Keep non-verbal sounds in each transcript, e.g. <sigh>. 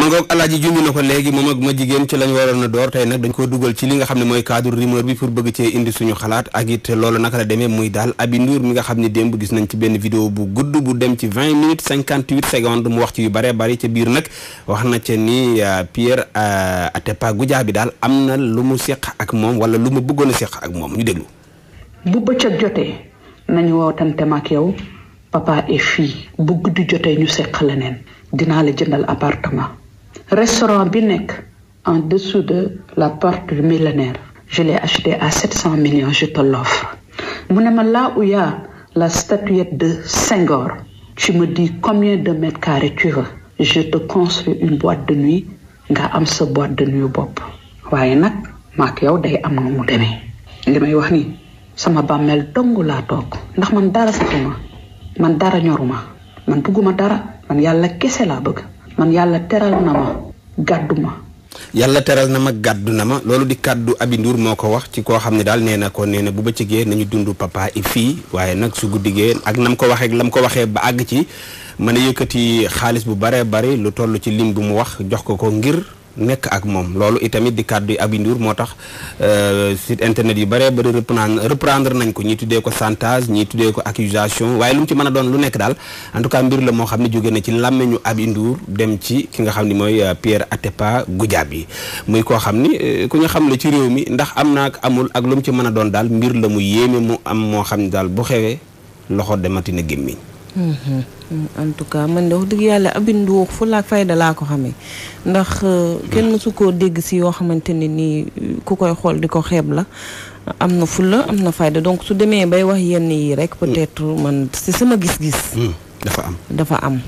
ma ngoog alaaji junj na ko léegi moom ak ma jigéen ci lañ waroon a door tey nag dañ koo dugal ci li nga xam ne mooy cadre rumeur bi pour bëgg cee indi suñu xalaat ak it loolu naka la demee muy daal Aby Ndour mi nga xam ni démb gis nañ ci benn vidéo bu gudd bu dem ci vingt minutes cinquante huit secondes mu wax ci yu bëree bëri ca biir nag wax na ca ni euh, Pierre euh, Atepa Goudiaby daal am na lu mu seq ak moom wala lu mu bëggoon a seq ak moom ñu déglu. bu bëccëg jotee nañu wootante ma ak yow papa et fille bu guddi jotee ñu seq leneen dinaa la jëndal restaurant bi nekk en dessous de la porte du millénaire je l'ai acheté à 700 millions je te l'offre mu ne ma là où la statuette de Senghor tu me dis combien de mètres carrés tu veux je te construis une boîte de nuit nga am sa boîte de nuit bopp waaye nag maak yow day am na mu demee li may wax nii sama bàmmeel dong laa toog ndax man dara saxuma man dara ñoruma man bëgguma dara man yàlla kese laa bëgg man yàlla teral na ma gàddu ma. yàlla teral na ma gàddu na ma loolu di kàddu Aby Ndour moo ko wax ci koo xam ne daal nee na ko nee na bu bëccëgee nañu dund papa i fii waaye nag su guddigee ak nam ko waxee lam ko waxee ba àgg ci mën a yëkkati xaalis bu bare bari lu toll ci lim bu mu wax jox ko ko ngir. nekk ak moom loolu itamit di kàddu yi Aby Ndour moo tax euh, site internet yu bare bari reprendre reprendre nañ ko ñi tuddee ko santage ñi tuddee ko accusation waaye lu mu ci mën a doon lu nekk daal en tout cas mbir la moo xam ne jóge na ci làmmeñu Aby Ndour dem ci ki nga xam ne mooy euh, Pierre Atepa Goudiaby muy koo xam ni euh, ku ñu xam la ci réew mi ndax am na ak amul ak lu mu ci mën a doon daal mbir la mu yéeme mu am moo xam ne daal bu xewee loxo dematina na gémmiñ Mm-hmm. en tout cas man de wax dëgg yàlla abindu fulla ak fayda laa ko xamee ndax euh, kenn mm. mësu koo dégg si yoo xamante ne nii ku koy xool di ko xeeb la am na fulla am na fayda donc su demee bay wax yenn yi rek mm. peut-être man si sama gis-gis mm. dafa am dafa am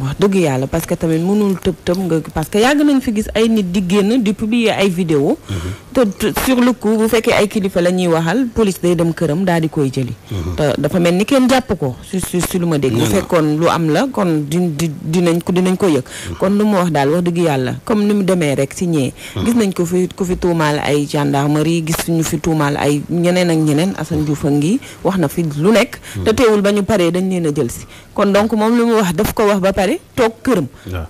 wax dëgg yàlla parce que tamit mënul tëb tëb nga parce que yàgg nañ fi gis ay nit di génn di publier ay vidéo mm-hmm. te sur le coup bu fekkee ay kilifa la ñuy waxal police day dem këram daal di koy jëli. Mhm. te dafa mel ni kenn jàpp ko si si lu ma dégg. bu fekkoon lu am la kon di di dinañ ko dinañ ko yëg. Mhm. kon lu mu wax daal wax dëgg yàlla comme ni mu demee rek si ñee. Mhm. gis nañ ko fi ku fi tuumaal ay gendarmerie gis ñu fi tuumaal ay ñeneen ak ñeneen Assane Diouf a ngi wax na fi lu nekk. te ba ñu paree dañ leen a jël si. kon donc moom lu mu wax daf ko wax ba pare toog këram.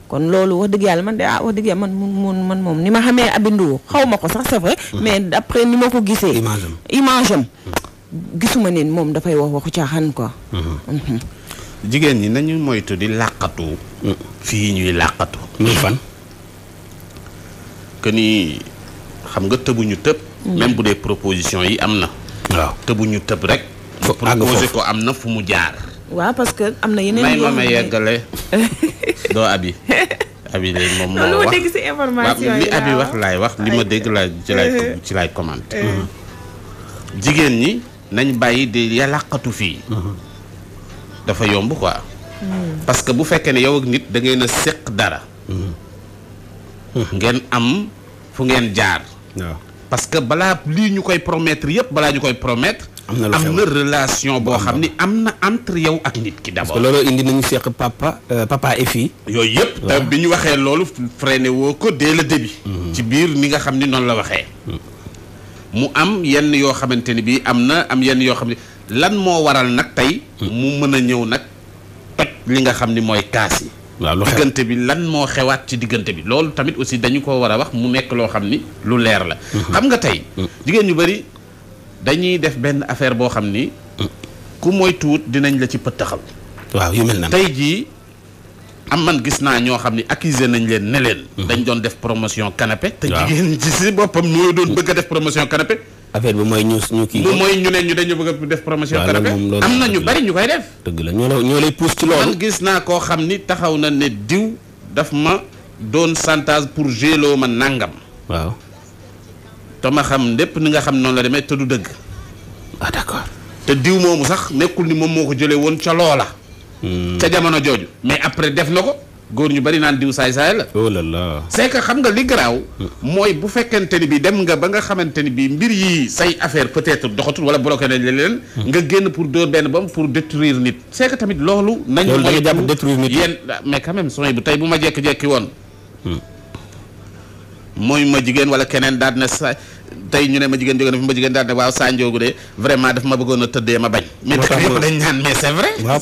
kon loolu wax dëgg yàlla man de ah wax dëgg yàlla man man man moom ni ma xamee abindu xaw ma ko sax mais après ni ma ko gisee. image am image gisuma ne moom dafay wax waxu caaxaan ko mhm. mhm. jigéen ñi nañu moytu di làqatu. Mm. fii ñuy làqatu. Mm. muy fan. que xam nga tëbuñu tëb. Mm. même bu dee proposition yi am na. waaw ñu tëb rek. proposé ko am na fu mu jaar. waa parce que am na yeneen. may ma ma yeggale <laughs> doo abi <laughs> abi de moom moo wax dégg abi wax laay wax li ma dégg laa ci laay ci laay commenté mmh. jigéen ñi nañ bàyyi de yàlaqatu fii mmh. dafa yomb quoi mmh. parce que bu fekkee ne yow ak nit da ngeen a séq dara ngeen am fu ngeen jaar parce que balaa lii ñu koy promettre yëpp balaa ñu koy promettre am na relation boo xam ni am na entre yow ak nit ki d'abord. parce loolu indi nañu seq papa euh, papa et yooyu yëpp bi ñu waxee loolu freiné woo ko dès le début. Mm-hmm. ci biir ni nga xam ni noonu la waxee. Mm-hmm. mu am yenn yoo xamante ni bii am na am yenn yoo xam ne lan moo waral nag tey. Mm-hmm. mu mën a ñëw nag toj li nga xam ni mooy kaas yi. waaw bi lan moo xewaat ci diggante bi loolu tamit aussi dañu ko war a wax mu nekk loo xam ni lu leer la. xam nga tey. jigéen ñu bari dañuy def benn affaire boo xam ni. ku mooy moytuwut dinañ la ci pëttaxal. waaw yu mel na tey jii am man gis naa ñoo xam ni accusé nañ leen ne leen. Mhm. dañ doon def promotion canapé. te jigéen ci si boppam ñoo doon bëgg a def promotion canapé. affaire bi mooy ñu ñu kii. mooy ñu ne ñu dañu bëgg a def promotion canapé am na ñu bari ñu koy def. dëgg la ñoo la ñoo lay pousse ci man gis naa koo xam ni taxaw na ne diw daf ma doon santage pour gélo ma nangam. waaw te ma xam lépp ni nga xam noonu la demee te du dëgg. Ah, te diw moomu sax nekkul ni moom moo ko jëlee woon ca loola. Hmm. ca jamono jooju. mais après def na ko góor ñu bari naan diw saay saay la. oh xam nga li garaaw. Hmm. mooy bu fekkente ni bi dem nga ba nga xamante ni bi mbir yi say affaire peut-être doxatul wala bloqué nañ leen. Hmm. nga génn pour dóor benn bam pour détruire nit. c'est que tamit loolu. nañu loolu da nga jàpp détruire nit yéen ah, mais quand même bu tey bu ma jekki jékki woon. mooy ma jigéen wala keneen daal na sa tey ñu ne ma jigéen jóge na fi ma jigéen daal ne waaw Sa Ndiogou de vraiment daf ma bëggoon a tëddee ma bañ mais tamit yëpp dañ naan mais c'est vrai waaw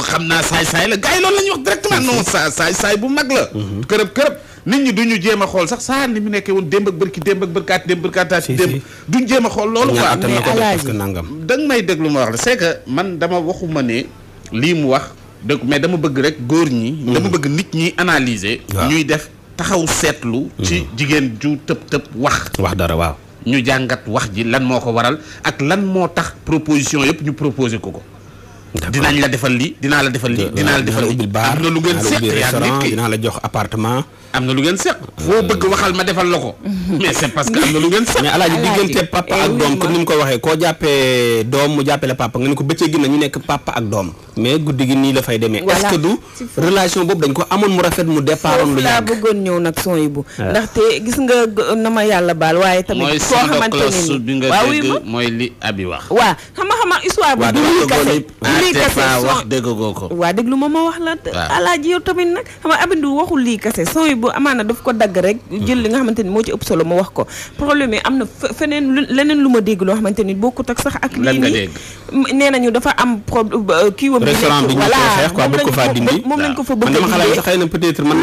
xam naa saay saay la gars yi la ñu wax directement non mhm. sa saay saay bu mag la mhm. kërëb kërëb nit ñi duñu jéem a xool sax saa ni mu nekkee woon démb ak bërki démb ak bërkaat démb bërkaataat démb duñ jéem a xool loolu quoi mais nangam da nga may déglu ma wax la c'est que man dama waxuma ne lii mu wax dëgg mais dama bëgg rek góor ñi mhm. dama bëgg nit ñi analyser ñuy def taxaw seetlu. ci mhm. jigéen ju tëb tëb wax. wax dara waaw. ñu jàngat wax ji lan moo ko waral ak lan moo tax proposition yëpp ñu proposé ko ko. dinañ la defal li dinaa la defal lii dinaa la defal li na lu ngeen seq yaa nit ki dinaa la jox appartement am na lu ngeen seq foo euh, bëgg waxal ma defal la ko euh, mais c'est parce que am na lu ngeen seq mais alaaji diggante papa ak eh, doom comme ni mu ko waxee koo jàppee doom mu jàppee la papa nga ne ko bëccëg gi na ñu nekk papa ak doom mais guddi gi nii la fay demee est que du relation boobu dañ ko amoon mu rafet mu départoon lu yàgg laa bëggoon ñëw nag son yi bu ah. ndaxte gis nga na ma yàlla baal waaye tamit koo xamante ni waaw mooy li abi wax waaw xam nga xam lii mhm. li nga xamante ni moo ci na feneen lu leneen lu ma dégg loo xamante ni bokkut ak sax ak. lan nga dégg lii nii nee nañu dafa am problème euh, kii wam. restaurant bi ñu koy xeex quoi bëgg ko dindi moom lañ ko fa bëgg a dindi. man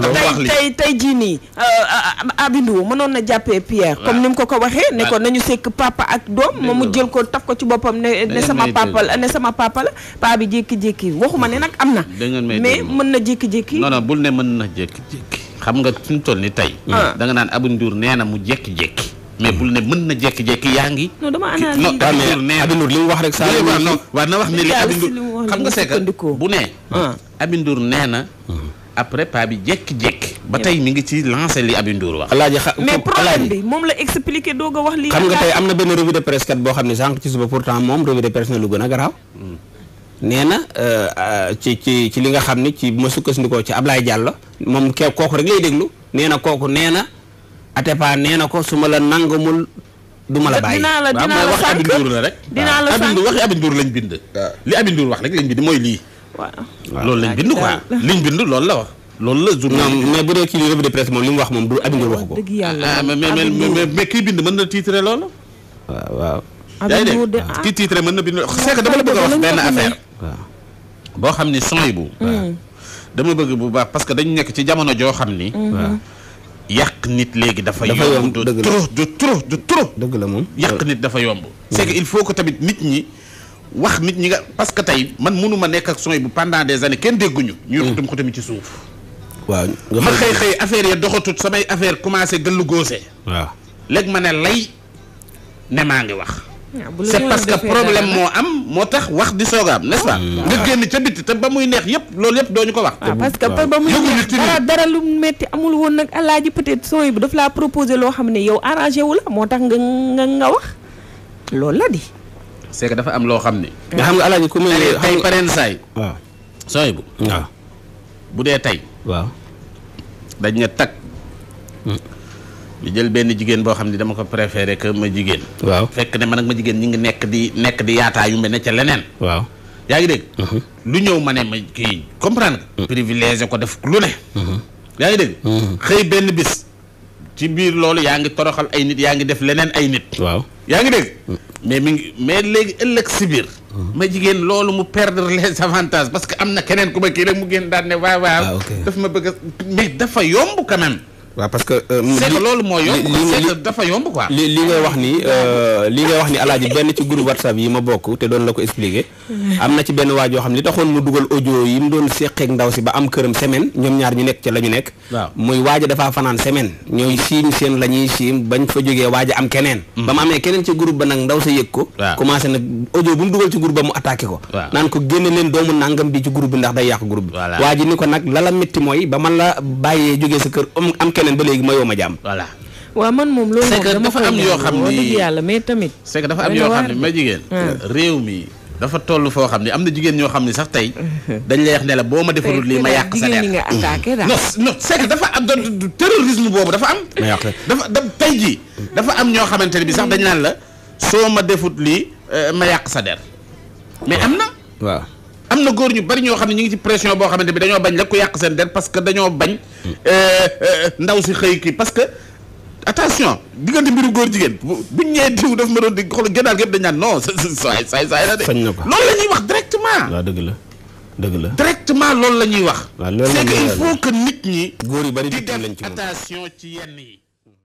dama jii nii euh, abindu mënoon na jàppee Pierre comme ni mu ko ko waxee ne ko nañu sekk papa ak doom moom mu jël ko taf ko ci boppam ne sama papa ne sama papa la paa bi jékki-jékki waxuma ne nag am na. mais mën na jékki-jékki. non bul ne mën na jékki-jékki. xam nga fi mu toll ni tey. Ah. da naan Abou nee na mu jékki-jékki. mais bul ne mën na jékki-jékki yaa ngi. non dama analyse mais Abindour li mu wax rek. saa yu war na wax ni li Abindour xam nga c'est bu ne. Ah. Abindour nee na. Hmm. après paa bi jékki-jékki. ba tey mi ngi ci lancé li Abi Ndour wax. alaaji xa mais problème bi moom la expliqué doog a wax. lii xam nga tey am na benn revue de presse kat boo xam ne sànq ci suba pourtant moom revue de presse na lu gën a garaaw. Hmm. nee na euh, ci ci ci li nga xam ni ci ma sukkandikoo ci Ablaye Diallo moom ke kooku rek lay déglu nee na kooku nee na Atepa nee na ko su ma la nangamul. du ma la bàyyi dinaa la rek. dinaa la sànq waxi lañ bind. li Abi Ndour wax rek lañ bind mooy lii. waaw loolu lañ bind quoi liñ bind loolu la wax. loolu la journal mais bu dee kii revue moom li mu wax moom du Abi Ndour waxu ko. dëgg yàlla ah, mais mais mais kii bind mën na titre loolu. waaw waaw. Abi de ah. kii titre mën na bind c'est que dama la bëgg a wax benn affaire. waaw boo xam ni son yi bu. Hmm. dama bëgg bu baax parce que dañu nekk ci jamono joo xam ni. Hmm. yàq nit léegi dafa yomb de trop de trop de dëgg la moom yàq nit dafa yomb. Hmm. c'est il faut que tamit nit ñi. wax nit ñi nga parce que tey man mënuma nekk ak son bu pendant des années kenn dégguñu. ñu yokk ko tamit ci suuf. waaw ma xëy xëy affaire ya doxatut samay affaire commencé gëllu góose waaw léegi ma ne lay ne maa ngi wax. Ah, c'est parce que problème moo am moo tax wax di soog a am nest hmm. nga ah. génn ca bitti te ba muy neex yëpp loolu yëpp dooñu ko wax. Ah, parce que ba muy neex dara dara lu metti amul woon nag alaaji peut-être son bi dafa laa proposé loo xam ne yow arrangé wu la moo tax nga nga nga wax loolu la di. c'est dafa am loo xam ne. nga xam nga alaaji ku mel ne tey pareen saay. waaw sooy bu. waaw dee tey. waaw dañ ne tag hmm. ñu jël benn jigéen boo xam ne dama ko préféré que ma jigéen waaw fekk ne man ak ma jigéen ñi ngi nekk di nekk di yaataa yu mel ne ca leneen waaw yaa ngi dégg hmm. lu ñëw ma ne ma kii comprendre nga hmm. privilégié ko def lu ne yaa ngi dégg xëy benn bis ci biir loolu yaa ngi toroxal ay nit yaa ngi def leneen ay nit waaw yaa ngi dégg mais mi ngi mais léegi ëllëg si biir. ma jigéen loolu mu perdre les avantages parce que am na keneen ku ma kii rek mu génn daan ne waaw waaw. Ah, daf ma bëgg mais dafa yomb quand même. waaw parce que. Euh, c'est que loolu moo yomb c'est que dafa yomb quoi. li li ngay wax ni euh, li ngay wax ni alaaji benn ci groupe whatsapp yi ma bokk te doon la ko expliquer. Mm. am na ci benn waajoo xam ne li taxoon mu dugal audio yi mu doon seqeeg ndaw si ñoom ñaar ñu nekk la ñu nekk. waaw muy waaja dafaa fanaan semaine. ñooy siim seen la ñuy siim bañ fa jógee am keneen. Mm. ba mu amee keneen ci groupe ba nag ndaw sa yëg ko. commencé nag audio bu mu dugal ci groupe ba mu attaqué ko. naan ko génne leen doomu nangam bi ci groupe bi ndax day yàq groupe bi. waa ni ko nag la la mooy ba man la bàyyee jógee sa kër am keneen ba léegi mayoo ma jàmm. voilà waaw man moom loolu moom dafa am yoo xam ni yàlla mais tamit. c'est dafa am yoo xam ne ma jigéen. Ah. réew mi dafa toll foo xam ne am na jigéen ñoo xam ne sax tey. <laughs> dañ lay wax ne boo ma defalul lii ma yàq sa der nga attaqué daal non non c'est dafa am doon terrorisme boobu dafa am. ma yàq dafa da tey dafa am ñoo xamante ne bi sax dañ naan la soo ma defut lii euh, ma yàq sa der mais am na waaw am na góor ñu bari ñoo xam ne ñu ngi ci pression boo xamante bi dañoo bañ la ku yàq seen der parce que dañoo bañ euh, euh, ndaw si xëy kii parce que attention diggante mbiru góor jigéen buñ ñëwee diw daf ma doon di xool gànnaar gépp dañ naan non saay saay saay la de loolu la ñuy wax directement waaw dëgg la dëgg la directement loolu la ñuy wax c'est que il faut que nit ñi góor yu bari di def attention ci yenn yi